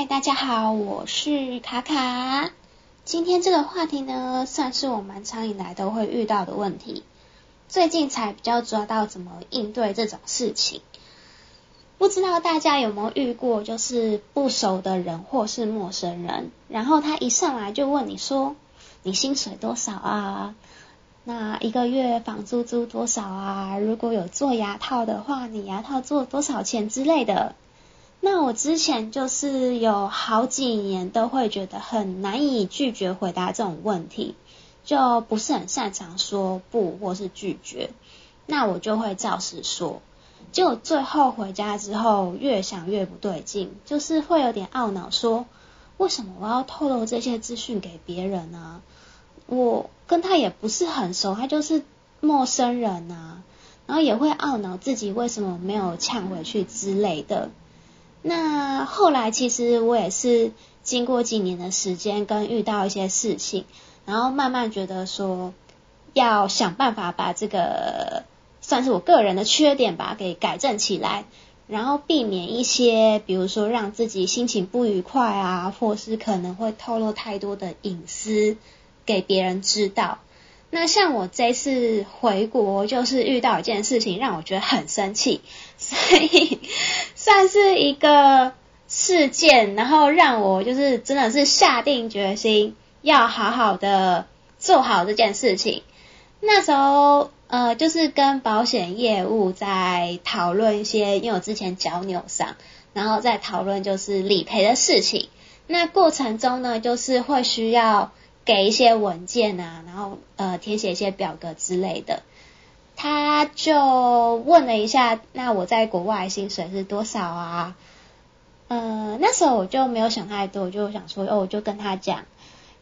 嗨，大家好，我是卡卡。今天這個話題呢，算是我們長期以來都會遇到的問題，最近才比較抓到怎麼應對這種事情。不知道大家有沒有遇過，就是不熟的人或是陌生人，然後他一上來就問你說：“你薪水多少啊？那一個月房租租多少啊？如果有做牙套的話，你牙套做多少錢之類的？”那我之前就是有好幾年都會覺得很難以拒絕回答這種問題，就不是很擅長說不或是拒絕。那我就會照實說，結果最後回家之後越想越不對勁，就是會有點懊惱，說為什麼我要透露這些資訊給別人呢、啊？我跟他也不是很熟，他就是陌生人吶、啊。然後也會懊惱自己為什麼沒有嗆回去之類的。那後來，其實我也是經過幾年的時間，跟遇到一些事情，然後慢慢覺得說，要想辦法把這個算是我個人的缺點吧，給改正起來，然後避免一些，比如說讓自己心情不愉快啊，或是可能會透露太多的隱私給別人知道。那像我這次回國，就是遇到一件事情，讓我覺得很生氣，所以。算是一個事件，然後讓我就是真的是下定決心要好好的做好這件事情。那時候，呃，就是跟保險業務在討論一些，因為我之前腳扭傷，然後再討論就是理賠的事情。那過程中呢，就是會需要給一些文件啊，然後呃填寫一些表格之類的。他就問了一下，那我在國外薪水是多少啊？嗯、呃，那時候我就沒有想太多，我就想說哦，我就跟他講。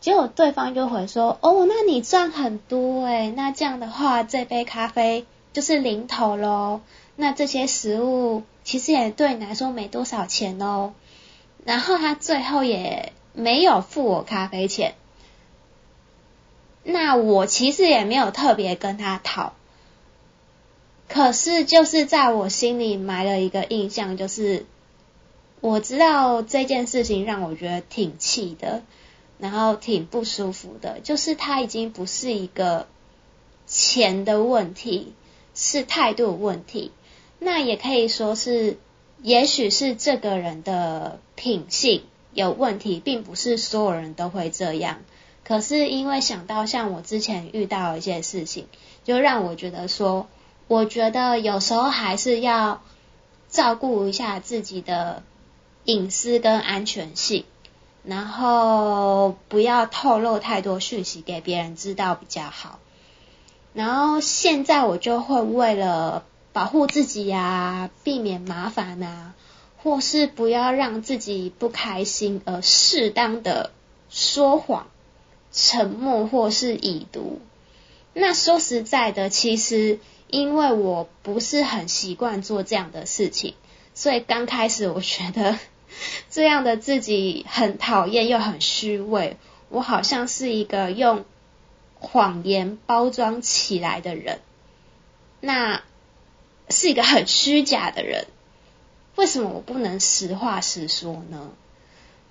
結果對方就會說，哦，那你賺很多誒、欸，那這樣的話，這杯咖啡就是零頭嘍。那這些食物其實也對你來說沒多少錢哦。然後他最後也沒有付我咖啡錢。那我其實也沒有特別跟他討。可是，就是在我心裡埋了一個印象，就是我知道這件事情讓我覺得挺氣的，然後挺不舒服的。就是他已經不是一個錢的問題，是態度問題。那也可以說是，也許是這個人的品性有問題，並不是所有人都會這樣。可是，因為想到像我之前遇到一件事情，就讓我覺得說。我覺得有時候還是要照顧一下自己的隱私跟安全性，然後不要透露太多訊息給別人知道比較好。然後現在我就會為了保護自己呀、啊，避免麻煩呐、啊，或是不要讓自己不開心而適當的說謊、沉默或是已讀。那說實在的，其實。因為我不是很習慣做這樣的事情，所以剛開始我覺得這樣的自己很討厭又很虛偽。我好像是一個用謊言包裝起來的人，那是一個很虛假的人。為什麼我不能實話實說呢？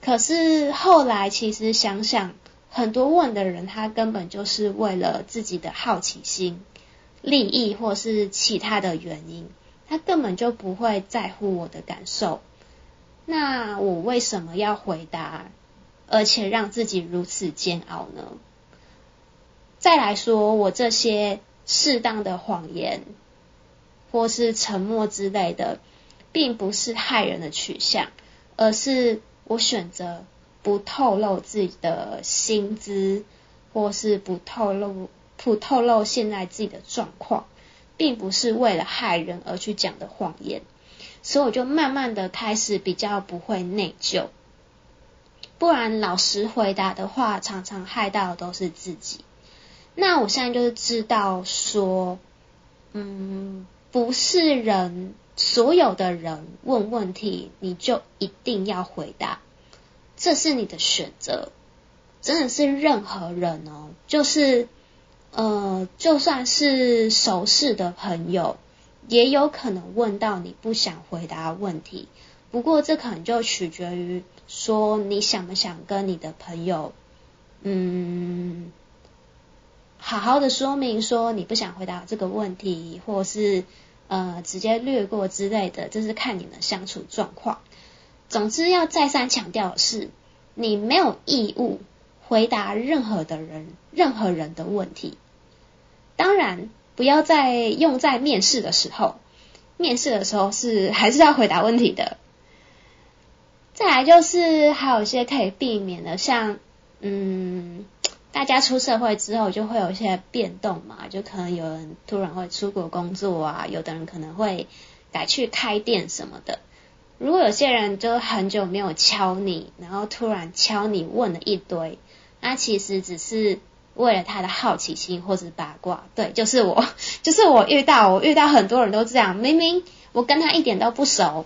可是後來其實想想，很多問的人他根本就是為了自己的好奇心。利益，或是其他的原因，他根本就不會在乎我的感受。那我為什麼要回答，而且讓自己如此煎熬呢？再來說，我這些適當的謊言，或是沉默之類的，並不是害人的取向，而是我選擇不透露自己的薪資，或是不透露。不透露現在自己的狀況，並不是為了害人而去講的謊言，所以我就慢慢的開始比較不會內疚。不然老實回答的話，常常害到的都是自己。那我現在就是知道說，嗯，不是人，所有的人問問題，你就一定要回答，這是你的選擇，真的是任何人哦，就是。呃，就算是熟識的朋友，也有可能問到你不想回答問題。不過這可能就取決於說你想不想跟你的朋友，嗯，好好的說明說你不想回答這個問題，或是呃直接略過之類的，這、就是看你們相處狀況。總之要再三強調的是，你沒有義務回答任何的人任何人的問題。當然，不要再用在面試的時候。面試的時候是還是要回答問題的。再來就是還有一些可以避免的，像，嗯，大家出社會之後就會有一些變動嘛，就可能有人突然會出國工作啊，有的人可能會改去開店什麼的。如果有些人就很久沒有敲你，然後突然敲你問了一堆，那其實只是。為了他的好奇心或是八卦，對，就是我，就是我遇到我遇到很多人都這樣，明明我跟他一點都不熟，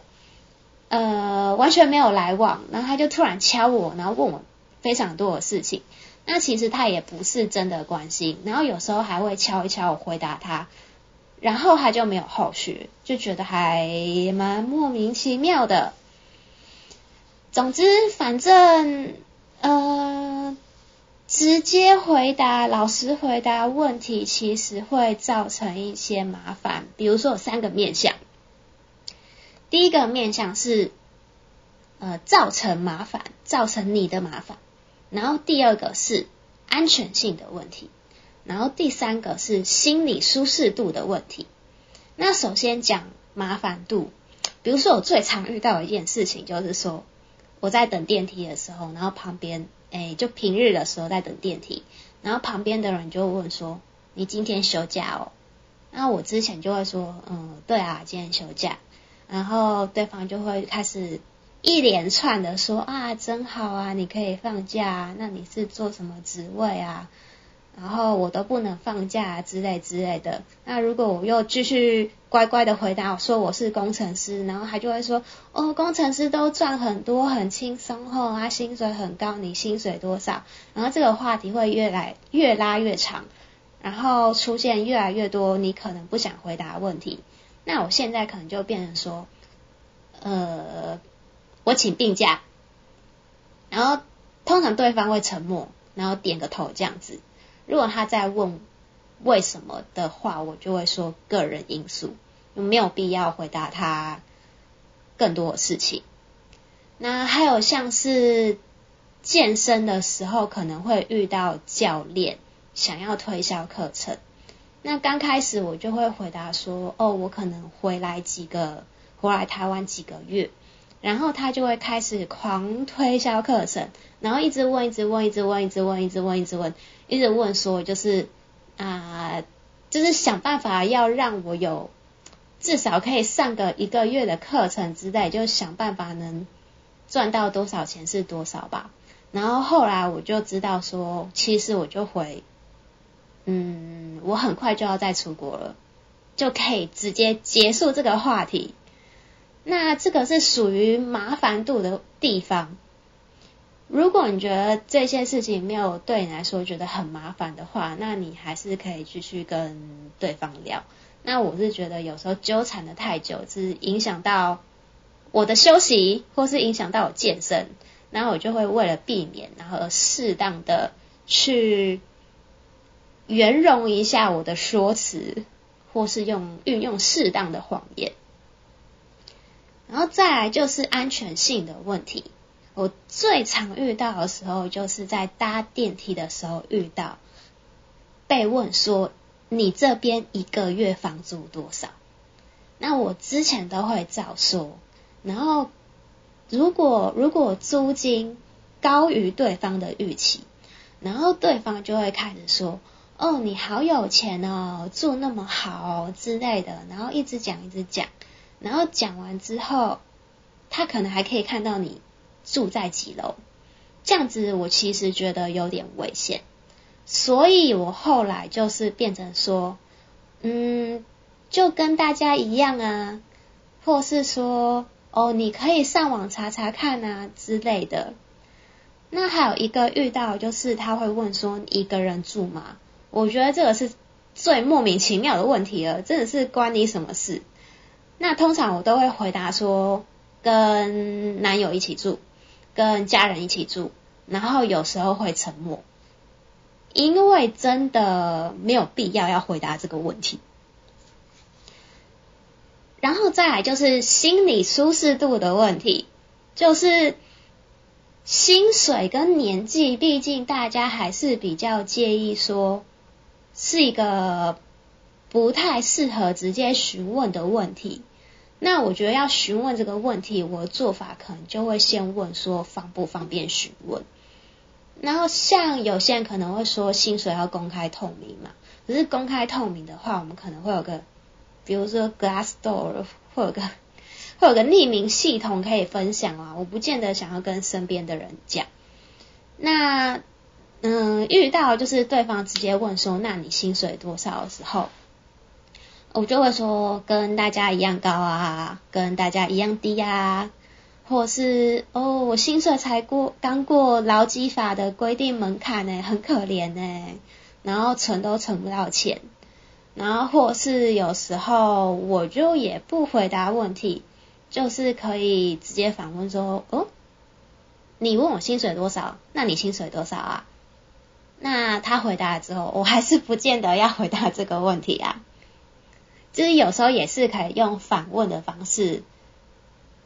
呃，完全沒有來往，然後他就突然敲我，然後問我非常多的事情，那其實他也不是真的關心，然後有時候還會敲一敲我回答他，然後他就沒有後續，就覺得還蠻莫名其妙的。總之，反正。直接回答，老實回答問題，其實會造成一些麻煩。比如說有三個面向，第一個面向是呃造成麻煩，造成你的麻煩。然後第二個是安全性的問題，然後第三個是心理舒適度的問題。那首先講麻煩度，比如說我最常遇到一件事情，就是說我在等電梯的時候，然後旁邊。哎，就平日的時候在等電梯，然後旁邊的人就問說：“你今天休假哦？”那、啊、我之前就會說：“嗯，對啊，今天休假。”然後對方就會開始一連串的說：“啊，真好啊，你可以放假、啊。那你是做什麼職位啊？”然後我都不能放假啊，之類之類的。那如果我又繼續乖乖的回答說我是工程師，然後他就會說：“哦，工程師都賺很多，很輕鬆哦啊，薪水很高，你薪水多少？”然後這個話題會越來越拉越長，然後出現越來越多你可能不想回答的問題。那我現在可能就變成說：“呃，我請病假。”然後通常對方會沉默，然後點個頭這樣子。如果他再問為什麼的話，我就會說個人因素，有沒有必要回答他更多的事情。那還有像是健身的時候，可能會遇到教練想要推銷課程，那剛開始我就會回答說：哦，我可能回來幾個，回來台灣幾個月。然後他就會開始狂推銷課程，然後一直問，一直問，一直問，一直問，一直問，一直問，一直問說，說就是啊、呃，就是想辦法要讓我有至少可以上個一個月的課程之類，就是想辦法能賺到多少錢是多少吧。然後後來我就知道說，其實我就回，嗯，我很快就要再出國了，就可以直接結束這個話題。那這個是屬於麻煩度的地方。如果你覺得這些事情沒有對你來說覺得很麻煩的話，那你還是可以繼續跟對方聊。那我是覺得有時候糾纏的太久，就是影響到我的休息，或是影響到我健身。那我就會為了避免，然後適當的去圓融一下我的說辭，或是用運用適當的謊言。然後再來就是安全性的問題，我最常遇到的時候就是在搭電梯的時候遇到，被問說你這邊一個月房租多少？那我之前都會照說，然後如果如果租金高於對方的預期，然後對方就會開始說哦你好有錢哦住那麼好、哦、之類的，然後一直講一直講。然後講完之後，他可能還可以看到你住在幾樓，這樣子我其實覺得有點危險，所以我後來就是變成說，嗯，就跟大家一樣啊，或是說，哦，你可以上網查查看啊之類的。那還有一個遇到就是他會問說你一個人住嗎？我覺得這個是最莫名其妙的問題了，真的是關你什麼事？那通常我都會回答說，跟男友一起住，跟家人一起住，然後有時候會沉默，因為真的沒有必要要回答這個問題。然後再來就是心理舒適度的問題，就是薪水跟年紀，畢竟大家還是比較介意說，是一個不太適合直接詢問的問題。那我覺得要詢問這個問題，我的做法可能就會先問說方不方便詢問。然後像有些人可能會說薪水要公開透明嘛，可是公開透明的話，我們可能會有個，比如說 glass door，會有個會有個匿名系統可以分享啊，我不見得想要跟身邊的人講。那嗯、呃，遇到就是對方直接問說那你薪水多少的時候。我就會說跟大家一樣高啊，跟大家一樣低啊，或是哦，我薪水才過剛過勞基法的規定門檻呢，很可憐呢，然後存都存不到錢，然後或是有時候我就也不回答問題，就是可以直接反問說哦，你問我薪水多少？那你薪水多少啊？那他回答了之後，我還是不見得要回答這個問題啊。就是有時候也是可以用反問的方式，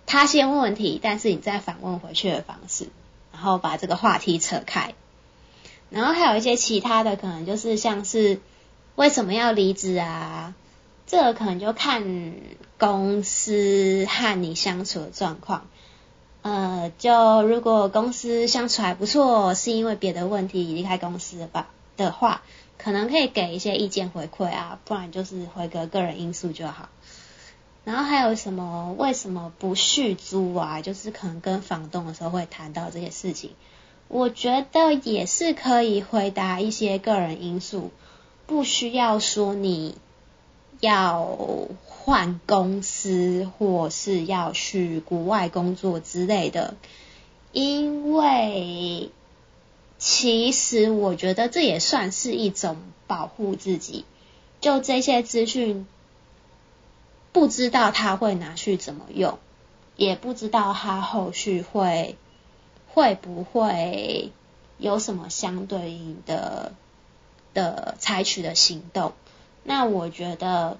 他先問問題，但是你再反問回去的方式，然後把這個話題扯開，然後還有一些其他的可能就是像是為什麼要離職啊？這個、可能就看公司和你相處的狀況。呃，就如果公司相處還不錯，是因為別的問題離開公司吧的話。可能可以給一些意見回饋啊，不然就是回個個人因素就好。然後還有什麼？為什麼不續租啊？就是可能跟房東的時候會談到這些事情。我覺得也是可以回答一些個人因素，不需要說你要換公司或是要去國外工作之類的，因為。其實我覺得這也算是一種保護自己。就這些資訊，不知道他會拿去怎麼用，也不知道他後續會會不會有什麼相對應的的採取的行動。那我覺得，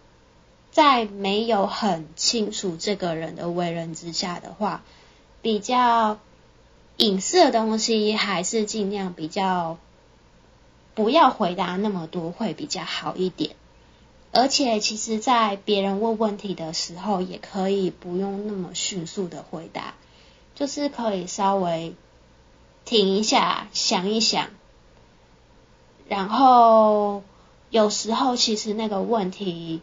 在沒有很清楚這個人的為人之下的話，比較。隱私的東西還是盡量比較不要回答那麼多會比較好一點，而且其實，在別人問問題的時候，也可以不用那麼迅速的回答，就是可以稍微停一下，想一想，然後有時候其實那個問題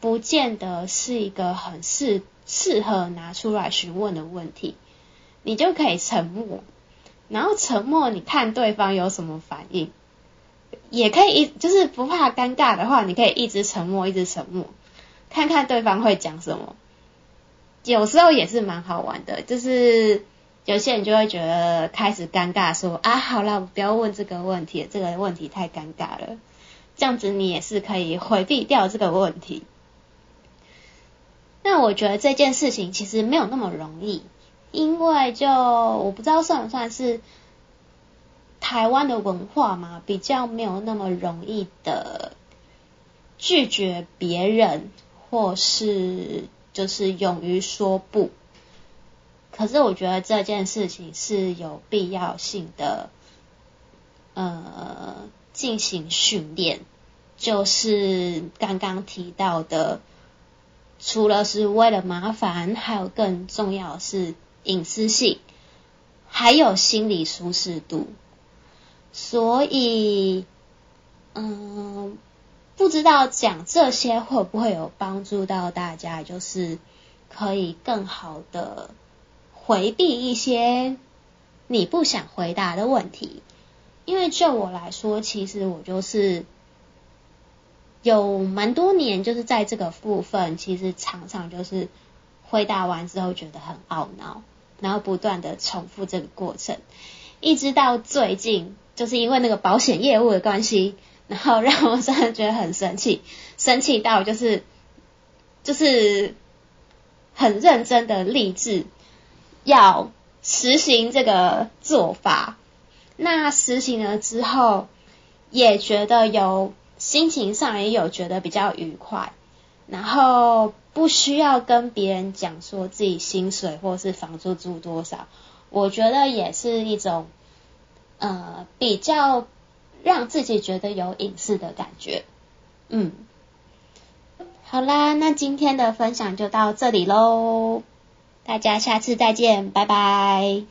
不見得是一個很適適合拿出來詢問的問題。你就可以沉默，然後沉默。你看對方有什麼反應，也可以就是不怕尷尬的話，你可以一直沉默，一直沉默，看看對方會講什麼。有時候也是蠻好玩的，就是有些人就會覺得開始尷尬說，說啊，好了，不要問這個問題，這個問題太尷尬了。這樣子你也是可以回避掉這個問題。那我覺得這件事情其實沒有那麼容易。因為就我不知道算不算是台灣的文化嘛，比較沒有那麼容易的拒絕別人，或是就是勇於說不。可是我覺得這件事情是有必要性的，呃，進行訓練，就是剛剛提到的，除了是為了麻煩，還有更重要的是。隱私性，還有心理舒適度，所以，嗯，不知道講這些會不會有幫助到大家，就是可以更好的回避一些你不想回答的問題。因為就我來說，其實我就是有蠻多年，就是在這個部分，其實常常就是回答完之後覺得很懊惱。然後不斷的重複這個過程，一直到最近，就是因為那個保險業務的關係，然後讓我真的覺得很生氣，生氣到就是就是很認真的立志要實行這個做法。那實行了之後，也覺得有心情上也有覺得比較愉快。然後不需要跟別人講說自己薪水或是房租住多少，我覺得也是一種，呃，比較讓自己覺得有隱私的感覺。嗯，好啦，那今天的分享就到這裡嘍，大家下次再見，拜拜。